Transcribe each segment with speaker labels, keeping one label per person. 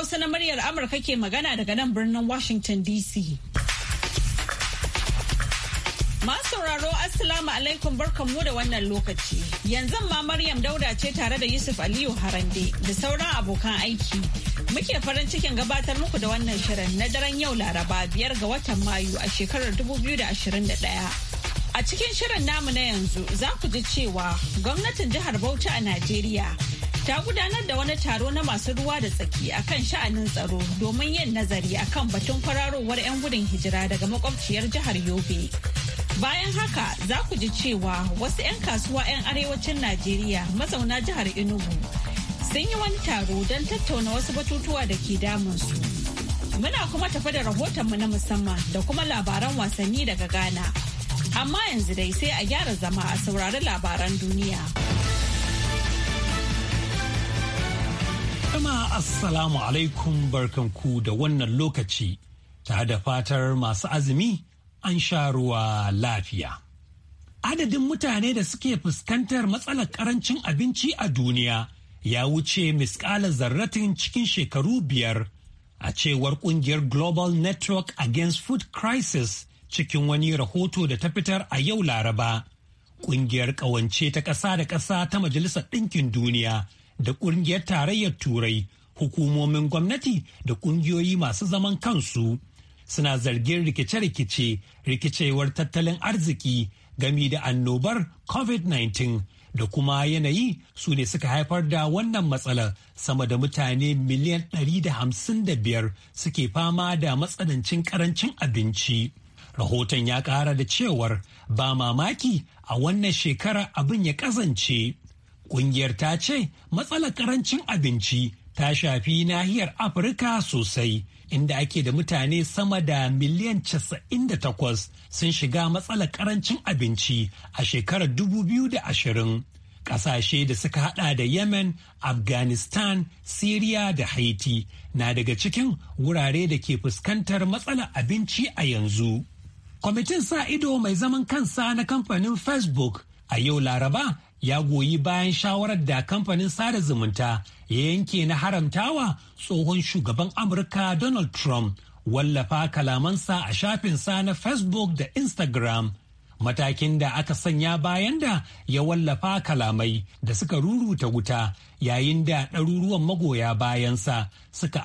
Speaker 1: Hausa na muryar Amurka ke magana daga nan birnin Washington DC. Masu sauraro Assalamu alaikum barkanmu da wannan lokaci. Yanzu ma Maryam Dauda ce tare da Yusuf Aliyu Harande da sauran abokan aiki. Muke farin cikin gabatar muku da wannan shirin na daren yau Laraba biyar ga watan Mayu a shekarar 2021. A cikin shirin namu na yanzu za ku ji cewa gwamnatin jihar Bauchi a Najeriya ta gudanar da wani taro na masu ruwa da tsaki akan sha'anin tsaro domin yin nazari a kan batun kwararowar 'yan gudun hijira daga makwabciyar jihar Yobe. Bayan haka za ku ji cewa wasu 'yan kasuwa 'yan arewacin Najeriya mazauna jihar Enugu sun yi wani taro don tattauna wasu batutuwa da ke damunsu. Muna kuma tafi da rahotonmu na musamman da kuma labaran wasanni daga Ghana. Amma yanzu dai sai a gyara zama a saurari labaran duniya.
Speaker 2: Jama'a Assalamu alaikum barkanku da wannan lokaci ta da fatar masu azumi an sha ruwa lafiya. Adadin mutane da suke fuskantar matsalar karancin abinci a duniya ya wuce miskala zarratin cikin shekaru biyar a cewar kungiyar Global Network Against Food Crisis cikin wani rahoto da ta fitar a yau Laraba. Kungiyar ƙawance ta ƙasa da ƙasa ta Majalisar Ɗinkin Duniya. da ƙungiyar tarayyar turai hukumomin gwamnati da ƙungiyoyi masu zaman kansu suna zargin rikice-rikice rikicewar tattalin arziki gami da annobar covid-19 da kuma yanayi su ne suka haifar da wannan matsalar sama da mutane miliyan 155 suke fama da matsanancin karancin abinci. Rahoton ya ƙara da cewar ba mamaki a wannan shekara abin ya kasance Ƙungiyar ta ce matsalar ƙarancin abinci ta shafi nahiyar Afirka sosai, inda ake da mutane sama da miliyan 98 sun shiga matsalar ƙarancin abinci a shekarar 2020. Ƙasashe da suka hada da Yemen, Afghanistan, Syria, da Haiti na daga cikin wurare da ke fuskantar matsalar abinci a yanzu. Kwamitin sa ido mai zaman kansa na kamfanin Facebook a yau Laraba ya goyi bayan shawarar da kamfanin sada zumunta ya yanke na haramtawa tsohon shugaban amurka donald trump wallafa kalamansa a shafinsa na facebook da instagram matakin da aka sanya bayan da ya wallafa kalamai da suka ruruta wuta yayin da ɗaruruwan magoya bayansa suka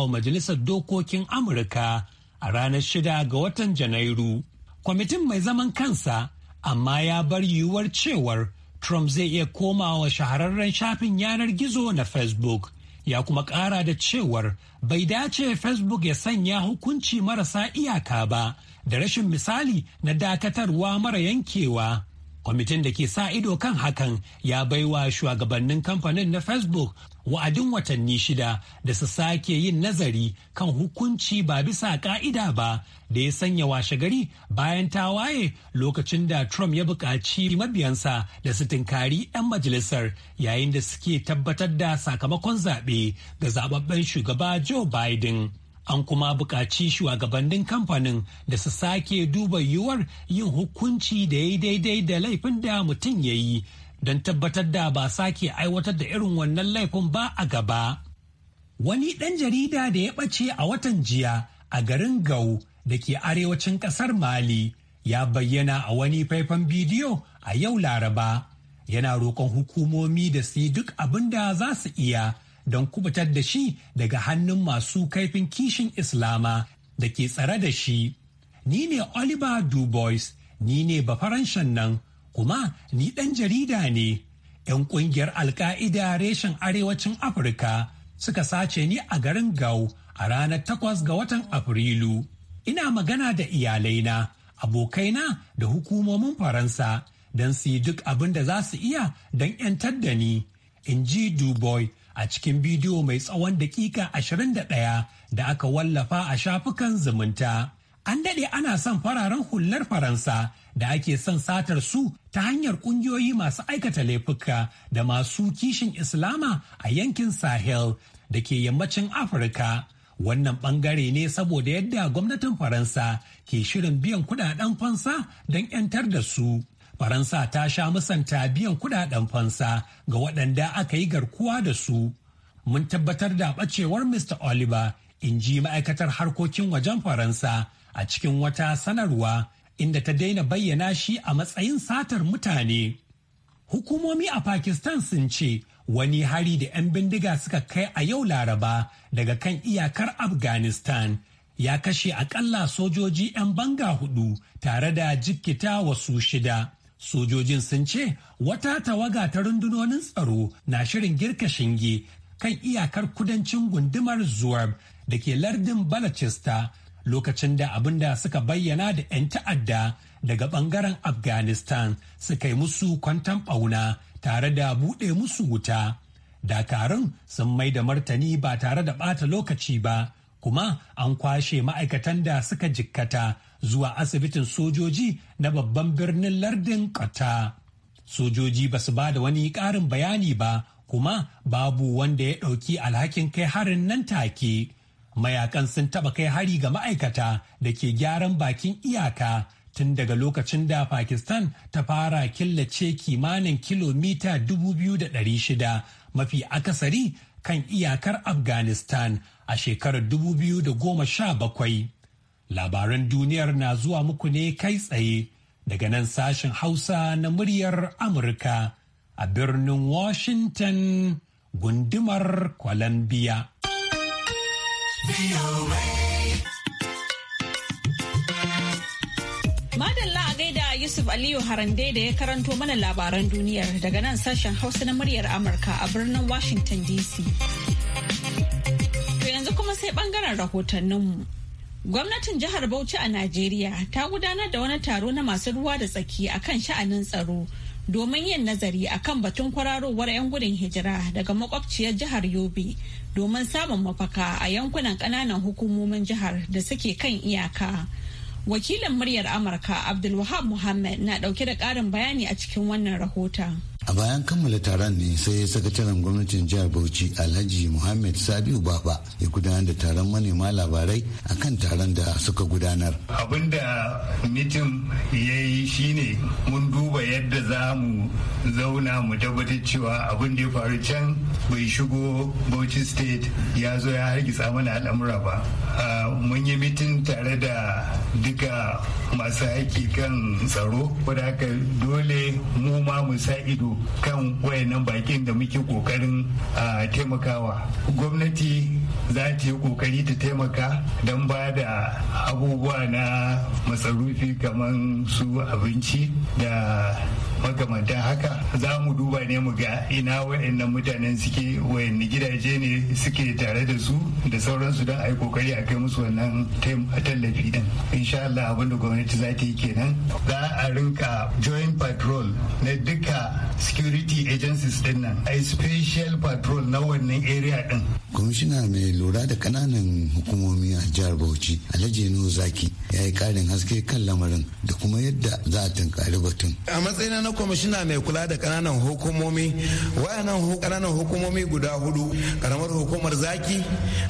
Speaker 2: wa majalisar dokokin amurka a ranar shida ga watan janairu kwamitin mai zaman kansa amma ya bar yiwuwar cewar Trump zai iya komawa shahararren shafin yanar gizo na Facebook. Ya kuma ƙara da cewar bai dace Facebook ya sanya hukunci marasa iyaka ba da rashin misali na dakatarwa mara yankewa. kwamitin da ke sa ido kan hakan ya baiwa shugabannin kamfanin na facebook wa'adin watanni shida da su sake yin nazari kan hukunci ba bisa ka'ida ba da ya sanya washe gari bayan waye lokacin da trump ya buƙaci mabiyansa da su tinkari 'yan majalisar yayin da suke tabbatar da sakamakon zaɓe ga zababben shugaba joe biden an kuma buƙaci shugabannin kamfanin da su sake duba yiwuwar yin hukunci da ya daidai da laifin da mutum ya yi don tabbatar da ba sake aiwatar da irin wannan laifin ba a gaba. Wani ɗan jarida da ya ɓace a watan jiya a garin Gau da ke arewacin ƙasar Mali ya bayyana a wani faifan bidiyo a yau Laraba. Yana roƙon hukumomi da su yi duk abin da za su iya don kubutar da shi daga hannun masu kaifin kishin Islama da ke tsare da shi. Ni ne Oliver Dubois, ni ne bafaranshan nan, kuma ni ɗan jarida ne. 'Yan ƙungiyar Alka'ida reshen Arewacin Afirka suka sace ni a garin Gau a ranar takwas ga watan Afrilu. Ina magana da iyalaina, abokaina da hukumomin Faransa don su yi duk abin da za su iya don 'yantar da ni. In ji Dubois a cikin bidiyo mai tsawon daƙiƙa 21 da aka wallafa a shafukan zumunta. An daɗe ana son fararen hular Faransa da ake son satar su ta hanyar ƙungiyoyi masu aikata laifuka da masu kishin Islama a yankin Sahel da ke yammacin Afirka. Wannan ɓangare ne saboda yadda gwamnatin Faransa ke shirin biyan kudaden fansa don 'yantar da su. faransa ta sha musanta biyan kudaden fansa ga waɗanda aka yi garkuwa da su mun tabbatar da ɓacewar mr oliver in ji ma'aikatar harkokin wajen faransa a cikin wata sanarwa inda ta daina bayyana shi a matsayin satar mutane hukumomi a pakistan sun ce wani hari da 'yan bindiga suka kai a yau laraba daga kan iyakar afghanistan ya kashe akalla sojoji 'yan banga hudu tare da jikkita wasu shida Sojojin sun ce wata tawaga ta rundunonin tsaro na shirin girka shinge kan iyakar kudancin gundumar Zuwab da ke lardin Balacista lokacin da abinda suka bayyana da 'yan ta'adda daga bangaren Afghanistan suka yi musu kwantan ɓauna tare da buɗe musu wuta. Dakarun sun mai da martani ba tare da ɓata lokaci ba. kuma an kwashe ma'aikatan da suka jikkata zuwa asibitin sojoji na babban birnin lardin kata sojoji ba su ba da wani ƙarin bayani ba kuma babu wanda ya ɗauki alhakin kai harin nan take mayakan sun taɓa kai hari ga ma'aikata da ke gyaran bakin iyaka tun daga lokacin da pakistan ta fara killace kimanin kilomita 2,600 mafi akasari kan iyakar Afghanistan a shekarar 2017. Labaran duniyar na zuwa muku ne kai tsaye daga nan sashen Hausa na muryar Amurka a birnin Washington gundumar Columbia.
Speaker 1: Madalla Yusuf Aliyu Harande da ya karanto mana labaran duniyar daga nan sashen Hausa na muryar Amurka a birnin Washington DC. To yanzu kuma sai bangaren rahotanninmu. Gwamnatin jihar Bauchi a Najeriya ta gudanar da wani taro na masu ruwa da tsaki a kan sha'anin tsaro domin yin nazari a kan batun kwararowar 'yan gudun hijira daga makwabciyar jihar Yobe domin samun mafaka a yankunan ƙananan hukumomin jihar da suke kan iyaka. wakilin muryar amurka abdulwahab muhammad na dauke da karin bayani a cikin wannan rahoton
Speaker 3: a bayan kammala taron ne sai sakataren gwamnatin jihar bauchi alhaji muhammad sabiu baba ya gudanar da taron manema labarai a kan taron da suka gudanar
Speaker 4: da mitin ya yi shine mun duba yadda za mu zauna mu tabbatar cewa abin da ya faru can bai shigo bauchi state ya zo ya hargitsa mana al'amura ba ah, mun yi mitin tare da duka masu aiki kan tsaro wadda haka dole mu ma mu sa ido kan wayannan bakin da muke kokarin taimakawa gwamnati za ta yi kokari ta taimaka don ba da abubuwa na masarufi kamar su abinci da makamantan haka za mu duba ne mu ga ina waɗannan mutanen suke wayanni gidaje ne suke tare da su da sauransu don a yi kokari a kai musu wannan tallafi din insha Allah abin da gwamnati za ta yi kenan za a rinka joint patrol na duka security agencies din nan a special patrol na wannan area din
Speaker 3: kwamishina mai lura da kananan hukumomi a jihar bauchi alhaji zaki ya yi karin haske kan lamarin da kuma yadda za a tunkari batun
Speaker 5: a matsayin na kwamishina mai kula da kananan hukumomi wayanan kananan hukumomi guda hudu karamar hukumar zaki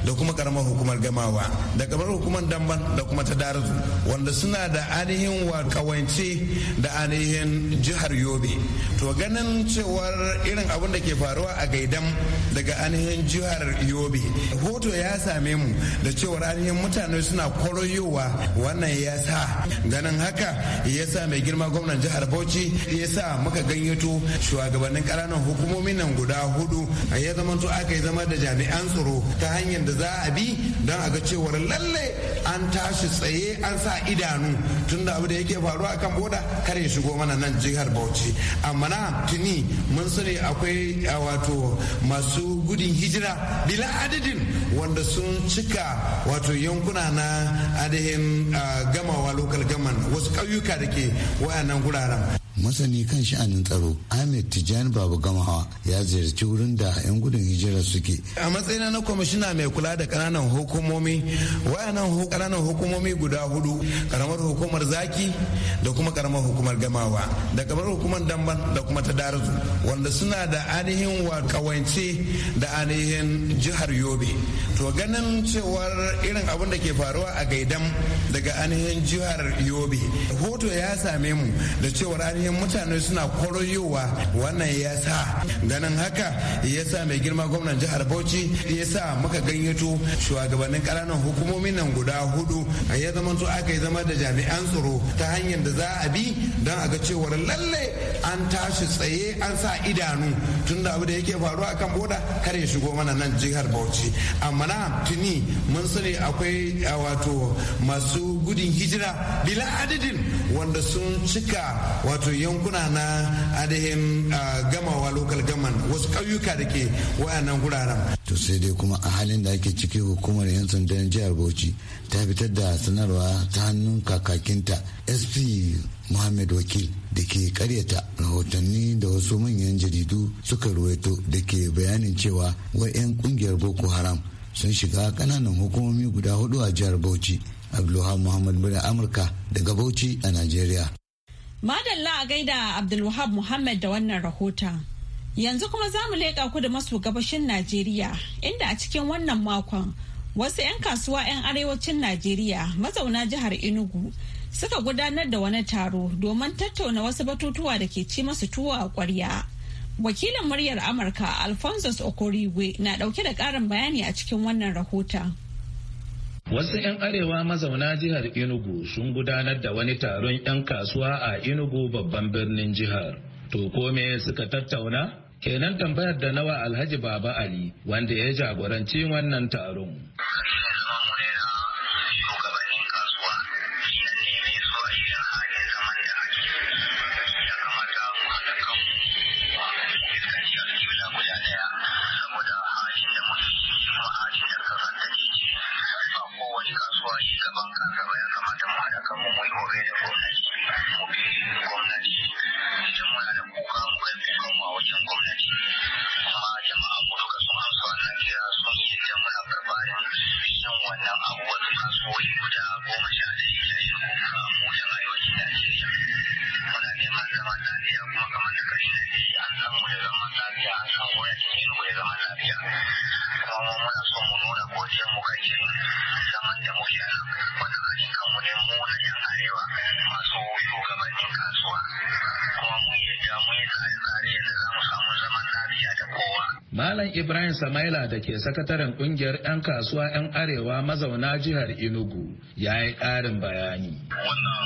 Speaker 5: da kuma karamar hukumar gamawa da karamar hukumar damban da kuma ta darazu wanda suna da ainihin kawance da ainihin jihar yobe to ganin cewar irin abin da ke faruwa a gaidan daga ainihin jihar yobe hoto ya same mu da cewar ainihin mutane suna koroyowa wannan ya sa ganin haka ya sa mai girma gwamnan jihar bauchi ya yasa muka ganyato shugabannin ƙananan hukumomin nan guda hudu a ya zama to aka yi zama da jami'an tsaro ta hanyar da za a bi don a ga cewar lalle an tashi tsaye an sa idanu tunda da abu da yake faruwa kan boda kare shigo mana nan jihar Bauchi amma na tuni mun sani akwai wato masu gudun hijira bila adadin wanda sun cika wato yankuna na adahin gamawa lokal gaman wasu ƙauyuka da ke wayannan guraren
Speaker 3: masani kan sha'anin tsaro ahmed tijjani babu gamawa ya ziyarci wurin da 'yan gudun hijira suke
Speaker 5: a matsayina na kwamishina mai kula da kananan hukumomi wayanan kananan hukumomi guda hudu karamar hukumar zaki da kuma karamar hukumar gamawa da karamar hukumar damban da kuma ta darazu wanda suna da ainihin kawance da ainihin jihar yobe to ganin cewar irin abin da ke faruwa a gaidan daga ainihin jihar yobe hoto ya same mu da cewar ainihin ainihin mutane suna koroyowa wannan ya sa ganin haka ya sa mai girma gwamnan jihar bauchi ya sa muka ganyato shugabannin ƙananan hukumomin nan guda hudu a ya zama to aka yi zama da jami'an tsaro ta hanyar da za a bi don a ga cewar lalle an tashi tsaye an sa idanu tun da abu da yake faruwa kan boda kar ya shigo mana nan jihar bauchi amma na tuni mun sani akwai wato masu gudun hijira bila adadin wanda sun cika wato yankuna na adahin ah, gamawa lokal gaman wasu ƙauyuka da ke wayannan guraren.
Speaker 3: to sai dai kuma a halin da ake ciki hukumar 'yan sandan jihar bauchi ta fitar da sanarwa ta hannun kakakinta sp muhammad wakil da ke karyata rahotanni da wasu manyan jaridu suka ruwaito da ke bayanin cewa 'yan kungiyar boko haram sun shiga kananan hukumomi guda hudu a jihar bauchi abdulwahab muhammad murya amurka daga bauchi a Najeriya.
Speaker 1: madalla a gaida abdulwahab muhammad da wannan rahoton yanzu kuma za mu leƙa ku da maso gabashin najeriya inda a cikin wannan makon wasu 'yan kasuwa 'yan arewacin najeriya mazauna jihar enugu suka gudanar da wani taro domin tattauna wasu batutuwa da ke ci masu tuwo a ƙwarya. wakilin muryar amurka alphonsus okorigwe na ɗauke da ƙarin bayani a cikin wannan rahoton
Speaker 5: Wasu 'yan arewa mazauna jihar Inugu sun gudanar da wani taron 'yan kasuwa a Inugu babban birnin jihar. To ko me suka tattauna? Kenan tambayar da nawa Alhaji Baba Ali wanda ya jagoranci wannan taron. down. Ibrahim Samaila da ke sakataren kungiyar 'yan kasuwa 'yan arewa mazauna jihar Enugu ya yi ƙarin bayani. Wannan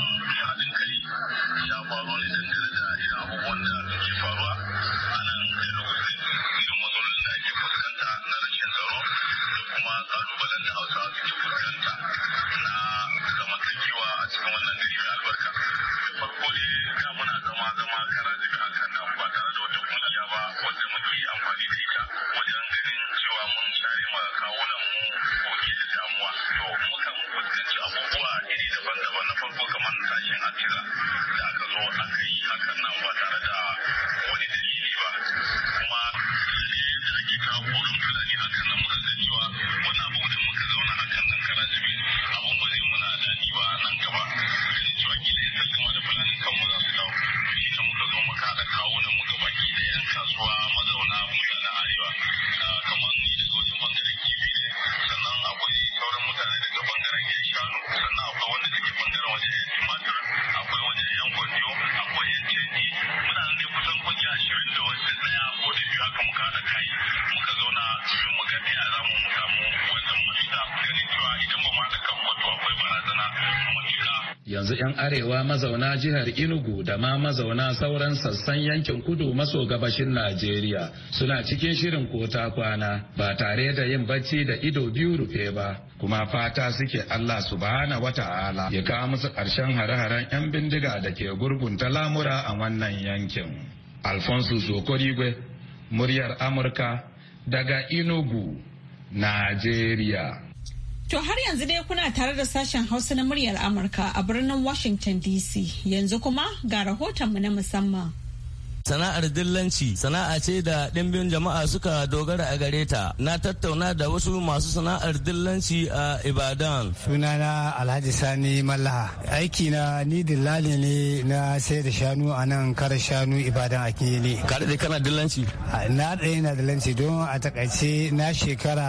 Speaker 5: 'yan arewa mazauna jihar Inugu da ma mazauna sauran sassan yankin kudu maso gabashin Najeriya suna cikin shirin kota kwana ba tare da yin bacci da ido biyu rufe ba. Kuma fata suke Allah su subhana wata ala. ya kawo musu ƙarshen hare-haren 'yan bindiga da ke gurgunta lamura a wannan yankin. Alfonso Sokorigwe, muryar Amurka daga
Speaker 6: Inugu, Najeriya.
Speaker 1: To har yanzu dai kuna tare da sashen Hausa na muryar Amurka a birnin Washington DC yanzu kuma ga rahotonmu na musamman.
Speaker 7: sana'ar dillanci sana'a ce da ɗimbin jama'a suka dogara a gare ta na tattauna da wasu masu sana'ar dillanci a ibadan sunana alhaji
Speaker 8: sani mallaha aiki na ni dillali ne na sai da shanu a nan kar shanu ibadan a kiyele kare da kana dillanci na daɗe na dillanci don a takaice na shekara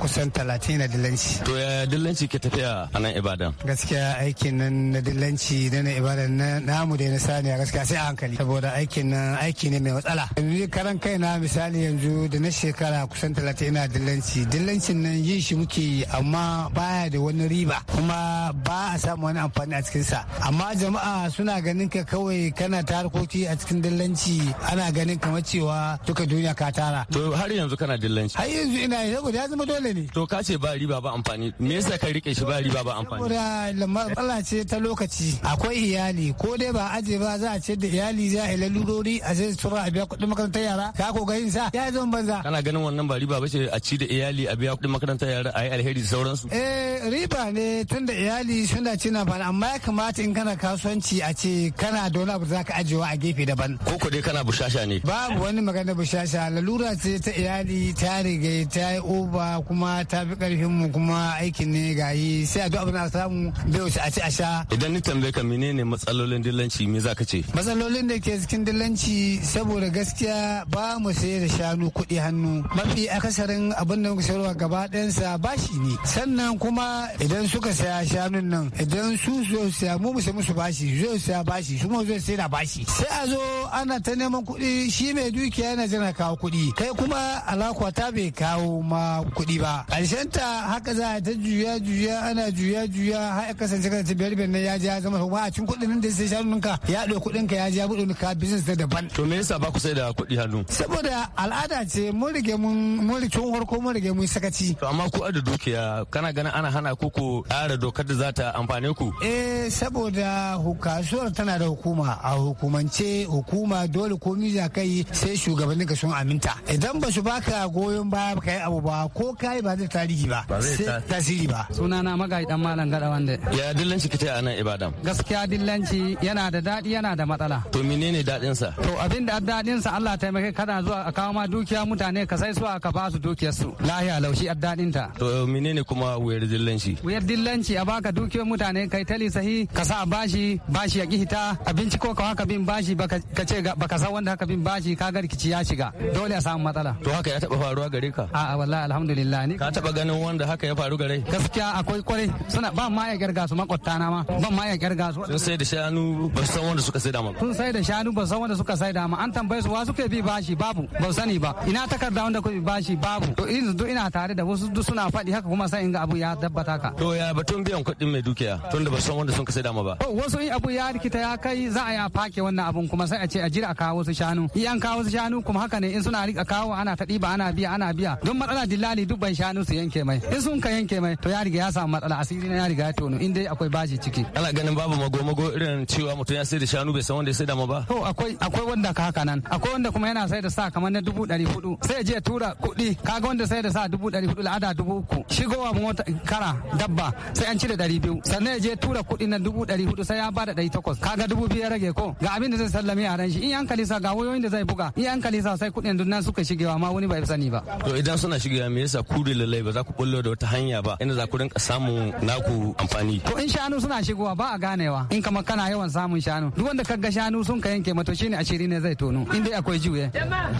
Speaker 8: kusan talatin na dillanci
Speaker 7: to ya dillanci ke tafiya a nan ibadan
Speaker 8: gaskiya aikin nan na dillanci na ibadan namu da na Sani gaskiya sai a hankali saboda aikin nan aiki ne mai matsala yanzu karan na misali yanzu da na shekara kusan talatin ina dillanci dillancin nan yin shi muke yi amma baya da wani riba kuma ba a samu wani amfani a cikinsa amma jama'a suna ganin ka kawai kana ta harkoki a cikin dillanci ana ganin kamar cewa duka duniya ka tara
Speaker 7: to har yanzu kana dillanci har
Speaker 8: yanzu ina yi saboda ya zama dole ne
Speaker 7: to ka ce ba riba ba amfani me yasa ka rike shi ba riba ba amfani
Speaker 8: saboda matsala ce ta lokaci akwai iyali ko dai ba aje ba za a ce da iyali za a lalurori a zai su a biya kuɗin makarantar yara ka ko ganin sa ya zo banza
Speaker 7: kana ganin wannan ba riba bace a ci da iyali a biya kuɗin makarantar yara a yi alheri da sauransu
Speaker 8: eh riba ne tunda iyali suna ci na amma ya kamata in kana kasuwanci a ce kana da wani abu ka ajiyewa a gefe
Speaker 7: daban ko ko dai kana bushasha ne
Speaker 8: babu wani magana bushasha lalura ce ta iyali ta riga ta yi oba kuma ta fi karfin mu kuma aikin ne ga yi sai a duk abuna samu
Speaker 7: bai wuce a ci a sha idan ni tambaye ka menene matsalolin dillanci me za ka ce
Speaker 8: matsalolin da ke cikin dillanci ci saboda gaskiya ba mu sai da shanu kuɗi hannu mafi akasarin abin da muka sayarwa gaba ɗansa shi ne sannan kuma idan suka saya shanun nan idan su zo saya mu sai musu ba shi zo saya shi su ma zo sai da shi sai a zo ana ta neman kuɗi shi mai dukiya yana jana kawo kuɗi kai kuma alakwa ta bai kawo ma kuɗi ba ta haka za a ta juya juya ana juya juya har ya kasance kasance biyar biyar na ya ja zama zama a cikin kuɗin da sai shanun ka ya ɗau kuɗin ka ya ja buɗe ka business da
Speaker 7: daban hannu to me yasa ba ku sai da kuɗi hannu saboda
Speaker 8: al'ada ce mun rige mun mun rike harko
Speaker 7: mun rige mun sakaci to amma ku adda dukiya kana ganin ana hana ku ku ƙara dokar da za ta amfane ku
Speaker 8: eh saboda kasuwar tana da hukuma a hukumance hukuma dole komi za kai sai shugabannin ka sun aminta idan ba su baka goyon baya kai abu
Speaker 9: ba ko kai ba zai tarihi ba tasiri ba sunana magaji dan malam gada wanda
Speaker 7: ya dillanci kita a nan ibadan
Speaker 9: gaskiya dillanci yana da daɗi yana da matsala
Speaker 7: to menene daɗin sa to to
Speaker 9: abin da addadin sa Allah taimake kana zuwa a kawo ma dukiya mutane ka sai su ka ba su dukiyar su lahiya laushi addadin ta
Speaker 7: to eh, menene kuma wuyar dillanci
Speaker 9: wuyar dillanci a baka dukiyar mutane kai tali sahi ka sa bashi bashi ya kihita abinci ko ka haka bin bashi baka ce baka san wanda haka bin bashi ka ga rikici ya shiga dole a samu matsala
Speaker 7: to haka ya taba faruwa gare ka
Speaker 9: a'a wallahi alhamdulillah ni
Speaker 7: ka taba ganin wanda haka ya faru gare
Speaker 9: gaskiya akwai kwarai suna ba ma ya kirga su makwatta na ma ban ma ya kirga su
Speaker 7: sun sai da shanu ba san wanda suka sai da ma
Speaker 9: sun sai da shanu ba san wanda suka sai dama an tambaye su wa suke bi bashi babu ba sani ba ina takarda wanda kuke bashi babu to in duk ina tare da wasu duk suna faɗi haka kuma sai in ga abu ya dabbata ka
Speaker 7: to ya batun biyan kuɗin mai dukiya tunda ba san wanda sun ka sai dama ba
Speaker 9: wasu in abu ya rikita ya kai za a ya fake wannan abun kuma sai a ce a jira a kawo su shanu in an kawo su shanu kuma haka ne in suna rika kawo ana ta ɗiba ana biya ana biya don matsala dillali duk ban shanu su yanke mai in sun ka yanke mai to ya riga ya samu matsala asiri na ya riga ya tono in dai akwai bashi
Speaker 7: ciki ana ganin babu mago-mago irin cewa mutum ya sai da shanu bai san wanda ya sai dama ba to akwai akwai
Speaker 9: wanda ka haka nan akwai wanda kuma yana sayar da sa kamar na dubu ɗari hudu sai je tura kuɗi kaga wanda sai da sa dubu ɗari hudu la'ada dubu uku shigowa mota kara dabba sai an cire ɗari biyu sannan ya je tura kuɗi na dubu ɗari hudu sai ya ba da ɗari takwas kaga dubu biyu ya rage ko ga abin da zai sallame a ran shi in yan kalisa ga wayoyin da zai buga in yan kalisa sai kuɗin dunnan suka shigewa ma wani ya sani ba.
Speaker 7: to idan suna shigewa me yasa ku da lallai ba za ku bullo da wata hanya ba inda za ku rinka samun naku amfani. to in
Speaker 9: shanu suna shigowa ba a ganewa in kama kana yawan samun shanu duk wanda kaga shanu sun ka yanke mato shine a gari ne zai tono in akwai juye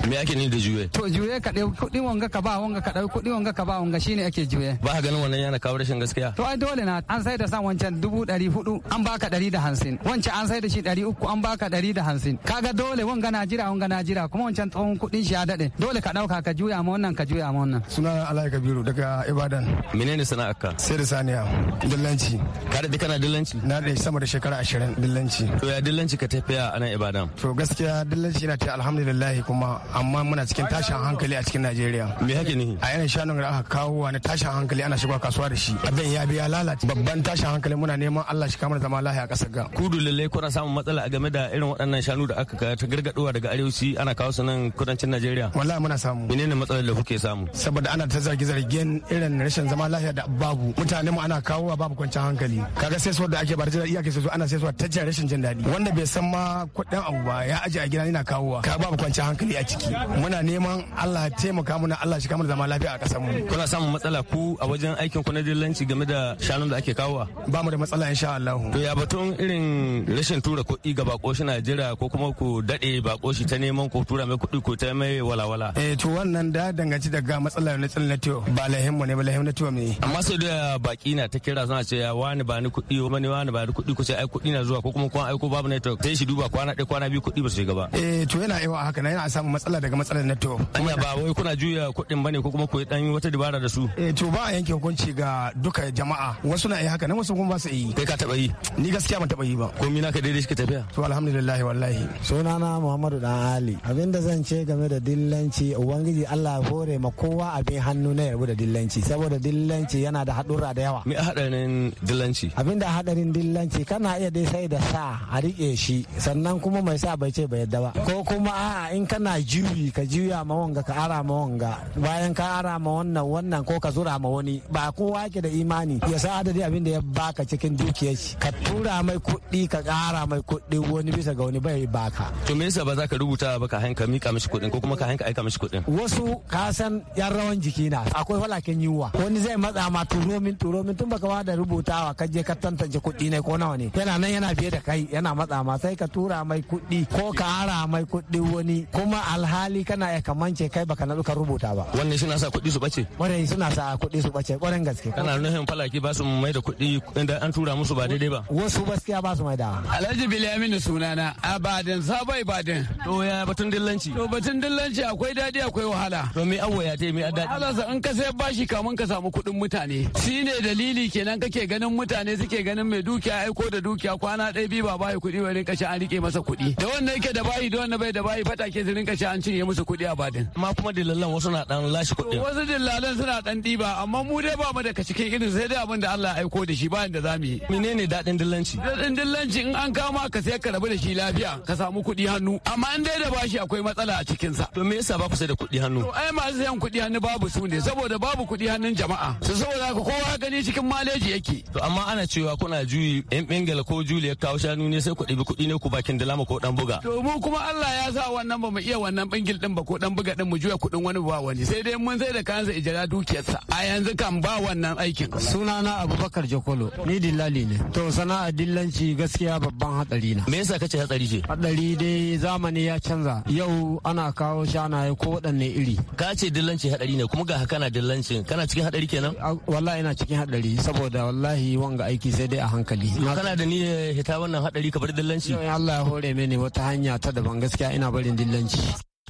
Speaker 7: me ake ni da juye to juye
Speaker 9: ka dai kudi wanga ka ba wanga ka dai kudi wanga ka ba wanga shine ake juye
Speaker 7: ba ka ganin wannan yana kawo rashin gaskiya
Speaker 9: to ai dole na an sai da san wancan dubu dari hudu an baka dari da hamsin wancan an sai da shi dari uku an baka dari da hamsin kaga dole wanga na jira wanga na jira kuma wancan tsohon kudin shi ya dade dole ka dauka ka juya ma wannan ka juya ma wannan Suna
Speaker 7: alai kabiru daga ibadan menene sana'arka sai
Speaker 10: da saniya dillanci ka da kana dillanci na da sama da shekara 20 dillanci
Speaker 7: to ya dillanci ka tafiya a nan ibadan to gaskiya gaskiya
Speaker 10: shi na ta alhamdulillah kuma amma muna cikin tashin hankali a cikin Najeriya.
Speaker 7: Me hake ne? A
Speaker 10: yanayin shanun da aka kawo na tashin hankali ana shigo kasuwa da shi. Abin ya biya lalace. Babban tashin hankali muna neman Allah shi kamar zama lahiya kasar ga.
Speaker 7: Kudu lalle kuna samun matsala a game da irin waɗannan shanu da aka ta gargaɗowa daga arewaci ana kawo su nan kudancin Najeriya. Wallahi muna samu. ne matsalar da kuke samu? Saboda ana ta
Speaker 10: zargi zargen irin rashin zama lahiya da babu. Mutane mu ana kawo babu kwanciyar hankali. Kaga sai da ake ba da iyaka sai ana sai ta rashin jin daɗi. Wanda bai san ma kuɗin abu ba ya aji a gida ina kawowa ka babu kwanciyar hankali a ciki muna neman Allah taimaka mana Allah shi kamar zama lafiya a kasar
Speaker 7: mu kuna samun matsala ku a wajen aikin ku na dillanci game da shanun da ake kawowa ba mu da matsala insha Allah to ya batun irin rashin tura kuɗi ga bako shi Najeriya ko kuma ku dade bako shi ta neman ku tura mai kuɗi ko ta mai walawala
Speaker 10: eh to wannan da danganci daga matsalar na tsallan tiyo ba lahim mu ne ba lahim na tiyo ne
Speaker 7: amma sai da baki na ta kira suna ce wani ba ni kuɗi wani wani ba ni kuɗi ku ce ai kuɗi na zuwa ko kuma kun aiko babu network sai shi duba kwana ɗaya kwana biyu kuɗi ba su ci gaba eh
Speaker 10: to yana yawa haka na yana samun matsala daga matsalar network anya ba wai
Speaker 7: kuna juya kuɗin bane ko kuma ku dan
Speaker 10: wata dabara da su eh to ba a yanke hukunci ga duka jama'a wasu na yi haka na wasu kuma ba su yi kai ka
Speaker 7: taba yi ni gaskiya ban taba yi ba komi naka daidai shi ka tafiya
Speaker 10: to alhamdulillah wallahi sunana muhammadu
Speaker 11: dan ali abinda zan ce game da dillanci ubangiji Allah hore ma kowa abin hannu na yarbu da dillanci saboda dillanci yana da haɗurra da yawa
Speaker 7: me hadarin dillanci abinda hadarin
Speaker 11: dillanci kana iya dai sai da sa a rike shi sannan kuma mai sa bai ce ba yadda ba ko kuma a in kana juyi ka juya ma wanga ka ara ma wanga bayan ka ara ma wannan wannan ko ka zura ma wani ba kowa ke da imani ya sa adadi abin da ya baka cikin dukiyar shi ka tura mai kuɗi ka ƙara mai kuɗi wani bisa ga wani bai baka
Speaker 7: to me yasa ba za ka rubuta ba ka hanka mika mishi kuɗin ko kuma ka hanka aika mishi kuɗin
Speaker 11: wasu ka san yan rawan jiki na akwai falakin yiwuwa wani zai matsa ma turo min turo min tun baka ba da rubutawa ka je ka tantance kuɗi ne ko nawa ne yana nan yana fiye da kai yana matsa ma sai ka tura mai kuɗi ko ka kara mai kuɗin wani kuma alhali kana ya kamance kai baka na duka rubuta ba
Speaker 7: wannan suna sa kuɗi su bace
Speaker 11: kwarai suna sa kuɗi su bace kwarin gaske kana
Speaker 7: nuhin falaki ba su mai da kuɗi inda an tura musu ba daidai ba
Speaker 11: wasu gaskiya ba su mai da
Speaker 7: alhaji bilamin sunana abadan sabai badan to
Speaker 12: ya batun dillanci to batun dillanci akwai dadi akwai wahala to mai awo ya tai me adadi wahala in ka sai bashi kamun ka samu kuɗin mutane shine dalili kenan kake ganin mutane suke ganin mai dukiya aiko da dukiya kwana ɗaya biyu ba bai kuɗi wani kashe an rike masa kuɗi da wannan yake da bayi da wanda bai da bayi fata ke su rinka sha an cinye musu kuɗi a badin. Amma kuma dillalan wasu na dan lashe kuɗi. Wasu dillalan suna dan ɗiba amma mu dai ba mu da cikin irin sai dai abin da Allah ya aiko da shi bayan da za mu yi. Menene daɗin dillanci? Daɗin dillanci in an kama ka sai ka rabu da shi lafiya ka samu kuɗi hannu amma in dai da bashi akwai matsala a cikinsa. To me yasa ba ku sai da kuɗi hannu? To ai masu sayan kuɗi hannu babu su ne saboda babu kuɗi hannun jama'a. Su saboda ka kowa gani cikin maleji yake.
Speaker 7: To amma ana cewa kuna juyi ɗan bengala ko juliya kawo shanu ne sai ku ɗibi kuɗi ne ku bakin dalama ko ɗan buga.
Speaker 12: To mu kuma Allah ya sa wannan ba mu iya wannan bangil din ba ko dan buga din mu juya kudin wani ba wani sai dai mun sai da kansa ijara dukiyarsa a yanzu kan ba wannan aikin sunana Abubakar Jakolo ni dillali ne to
Speaker 11: sana'a dillanci gaskiya babban hatsari na me yasa kace hatsari ce hatsari dai zamani ya canza yau ana kawo shanaye ko wadanne iri
Speaker 7: ka ce dillanci hatsari ne kuma ga kana dillancin
Speaker 11: kana cikin hatsari kenan wallahi ina cikin hatsari saboda wallahi wanga aiki sai dai a hankali kana da ni hita wannan hatsari bar dillanci Allah ya hore mini wata hanya hanya ta daban gaskiya ina barin
Speaker 7: dillanci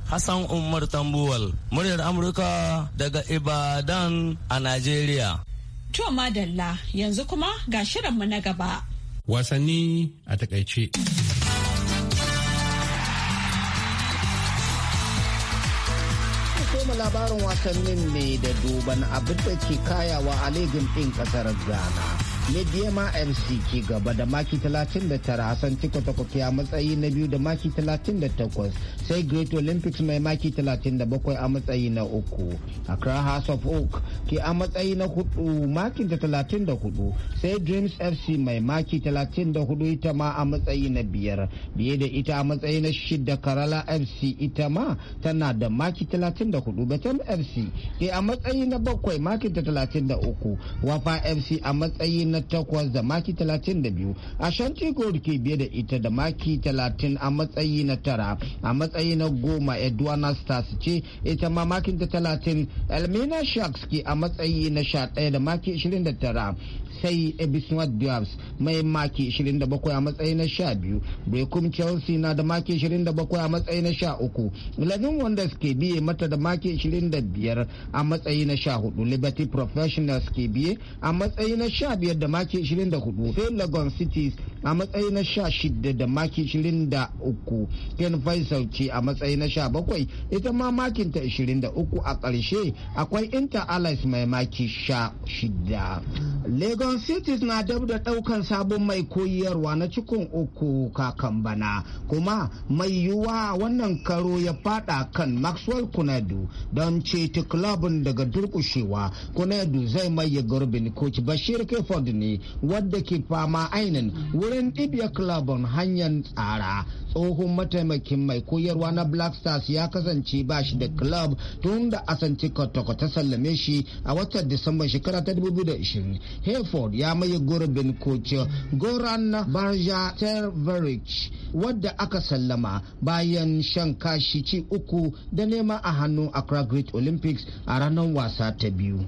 Speaker 7: Hassan Umar Tambuwal, muryar Amurka daga Ibadan
Speaker 5: a Najeriya.
Speaker 1: To madalla yanzu kuma ga shirinmu na gaba.
Speaker 5: Wasanni a takaice.
Speaker 13: soma labarin wasannin ne da duban abin da ke kayawa a ligin ɗin ƙasar Ghana. Mediama MC ke gaba da maki 39 Hassan Tikotokok a matsayi na biyu da maki 38 sai Great Olympics mai maki 37 a matsayi na uku. a House of Oak ke a matsayi na hudu makin da 34 sai Dreams FC mai maki 34 ita ma a matsayi na biyar. Biye da ita a matsayi na shida Karala FC ita ma tana da maki 34 Betem FC ke a matsayi na bakwai makin da 33 Wafa FC a matsayi na takwas da maki talatin da biyu ashanti gold ke biye da ita da maki talatin a matsayi na tara a matsayi na goma edwana stars ce ita ma makin ta talatin elmina sharks ke a matsayi na sha daya da maki ishirin da tara sai ebisnwa dubs mai maki 27 a matsayi na 12 brekum chelsea na da maki 27 a matsayi na 13 lenin wonders ke biye mata da maki 25 a matsayi na 14 liberty professionals ke biye a matsayi na 15 da maki 24 sai lagos city a matsayi na 16 da maki 23 Ken Faisal ce a matsayi na 17 ita ma makinta 23 a ƙarshe akwai Inter Allies mai maki 16. lagos city na dab da ɗaukan sabon mai koyarwa na cikin uku kakan bana kuma mai yiwuwa wannan karo ya fada kan Maxwell Kunadu don ceto club daga durkushewa Kunadu zai maye gurbin coach Bashir Keford ne wadda ke fama ainin wurin ɗibiyar clubon hanyar tsara tsohon mataimakin mai koyarwa na black stars ya kasance ba shi da club tun da asanci kotoko ta sallame shi a watan disamban shekara ta 2020 hayford ya maye gurbin coach goran barja terverich wadda aka sallama bayan shan kashi ci uku da nema a hannun accra great olympics a ranar wasa ta biyu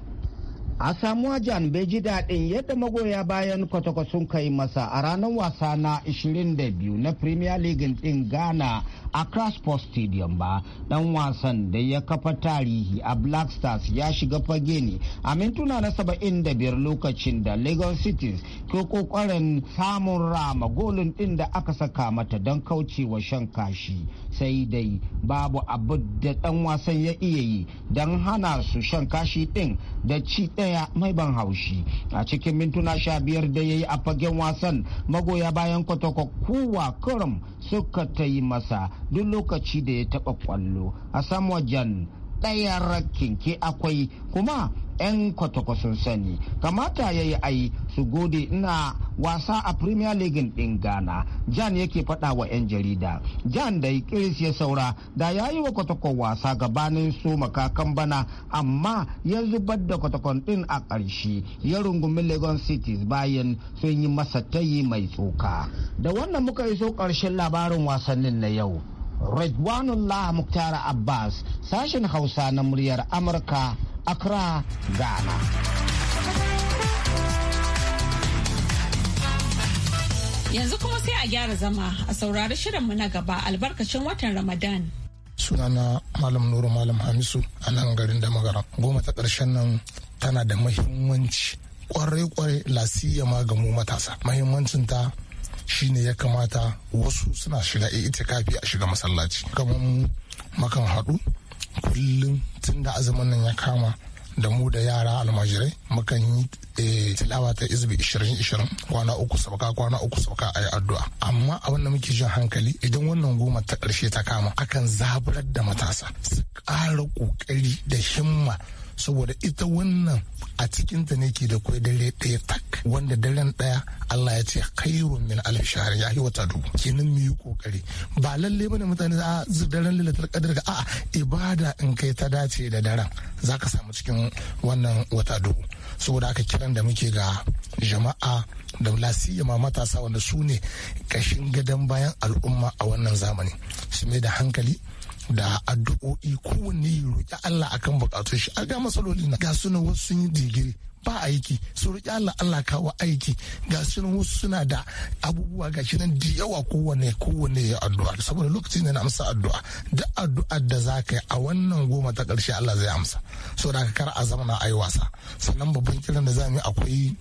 Speaker 13: a samuwa jan bai ji daɗin yadda magoya bayan kwatakwa sun kai masa a ranar wasa na 22 na premier league ɗin ghana a crossport stadium ba ɗan wasan da ya kafa tarihi a black stars ya shiga fage ne a mintuna na 75 lokacin da lagos cities ke kokarin samun rama golin ɗin da aka saka mata don kaucewa shan kashi sai dai babu abu da ɗan wasan ya iya yi don hana su shan kashi ɗin da ci daya mai ban haushi a cikin mintuna sha biyar da ya yi a fagen wasan magoya bayan kowa kurum suka ta yi masa duk lokaci da ya taɓa kwallo a samuwa jan ɗaya rakinke akwai kuma 'yan kwatakwasun sani kamata ya yi ai su gode ina wasa a premier league din ghana jan yake faɗa wa 'yan jarida jan da kiris ya saura da ya yi wa kwatakwan wasa gabanin su makakan bana amma ya zubar da kwatakwan din a ƙarshe ya rungumi legon cities bayan sun yi masa tayi mai tsoka da wannan muka iso ƙarshen labarin wasannin na yau Redwanullah Muktar Abbas sashen Hausa na muryar Amurka Accra, Ghana.
Speaker 1: Yanzu kuma sai a gyara zama a saurari shirinmu na gaba albarkacin watan Ramadan.
Speaker 6: Sunana Malam Nuru Malam Hamisu a nan garin da magara. Goma ta ƙarshen nan tana da mahimmanci kwarai-kwarai lasiya ma ga matasa. mahimmancinta shine ya kamata wasu suna shiga itikafi a shiga masallaci. Kamar makan haɗu kullum tun da azumin nan ya kama da mu da yara almajirai mukan yi eh, tilawa ta izbi 20-20 kwana uku sabaka kwana uku sabaka a yi addu'a amma a da muke jin hankali idan wannan goma ta ƙarshe ta kama akan zaburar da matasa su ƙara ƙoƙari da himma saboda ita wannan a cikin ta ne ke da kwai dare ɗaya tak wanda daren ɗaya Allah ya ce khairun min alf shahr ya yi wata dubu kenan mu yi kokari ba lalle bane mutane a daren lailatul qadr ga a'a ibada in kai ta dace da daren zaka samu cikin wannan wata dubu saboda aka kiran da muke ga jama'a da lasiyama matasa wanda su ne kashin gadon bayan al'umma a wannan zamani su mai da hankali da addu'o'i kowanne ya roƙi Allah akan bukatun shi a ga masaloli na ga suna wasu sun yi digiri ba aiki su riƙe Allah Allah kawo aiki ga sunan wasu suna da abubuwa ga shi nan da yawa kowane kowane ya addu'a saboda lokacin da na amsa addu'a da addu'a da za ka yi a wannan goma ta ƙarshe Allah zai amsa so da kar a zama na ayi wasa sannan babban kiran da za mu yi akwai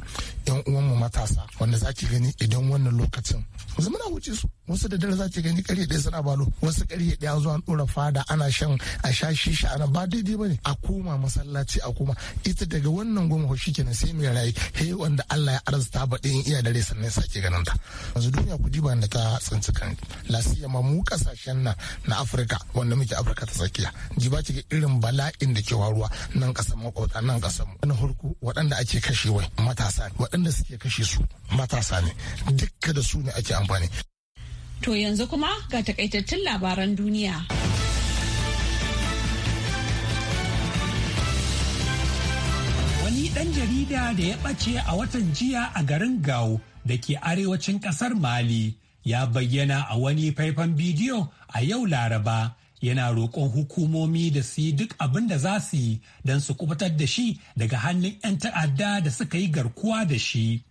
Speaker 6: yan mu matasa wanda za ki gani idan wannan lokacin zama na wuce su wasu da dare za ki gani ƙarfe ɗaya suna balo wasu ƙarfe ɗaya zuwa ɗora fada ana shan a sha shisha ana ba daidai ba ne a koma masallaci a koma ita daga wannan goma shi shikenan sai mai rai he wanda Allah ya arzuta baɗi in iya dare sannan sake ganin ta yanzu duniya ku diba da ta tsinci kan lasiya ma mu kasashen nan na Afirka wanda muke Afirka ta tsakiya jiba ga irin bala'in da ke waruwa nan kasar makwabta nan kasar mu na hurku waɗanda ake kashe wai matasa waɗanda suke kashe su matasa ne dukka da su ne ake amfani
Speaker 1: To yanzu kuma ga takaitattun labaran duniya.
Speaker 2: ɗan jarida da ya ɓace a watan jiya a garin Gao da ke arewacin ƙasar Mali ya bayyana a wani faifan bidiyo a yau Laraba yana roƙon hukumomi da su yi duk abin da za su yi don su kubutar da shi daga hannun 'yan ta'adda da suka yi garkuwa da shi.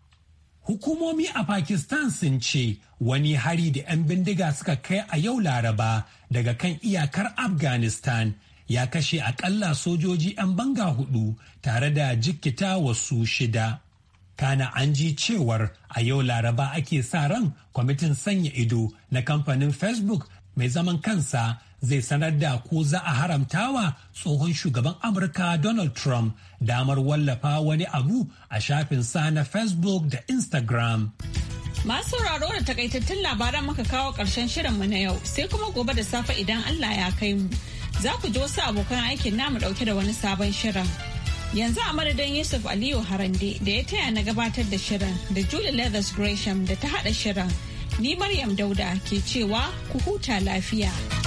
Speaker 2: Hukumomi a Pakistan sun ce wani hari da 'yan bindiga suka kai a yau Laraba daga kan iyakar Afghanistan ya kashe akalla sojoji 'yan banga hudu tare da jikita wasu shida. Kana an ji cewar a yau laraba ake sa ran kwamitin sanya ido na kamfanin Facebook mai zaman kansa zai sanar da ko za a haramtawa tsohon shugaban Amurka Donald Trump damar wallafa wani abu a shafin sa na Facebook da Instagram.
Speaker 1: Masu sauraro da takaitattun labaran muka kawo ƙarshen mu na yau sai kuma gobe da safe idan Allah ya kai mu. za ku ji wasu abokan aikin namu ɗauke da wani sabon shirin. Yanzu a madadin Yusuf Aliyu Harande da ya taya na gabatar da shirin da Julie Leathers Gresham da ta haɗa shirin. Ni Maryam Dauda ke cewa ku huta lafiya.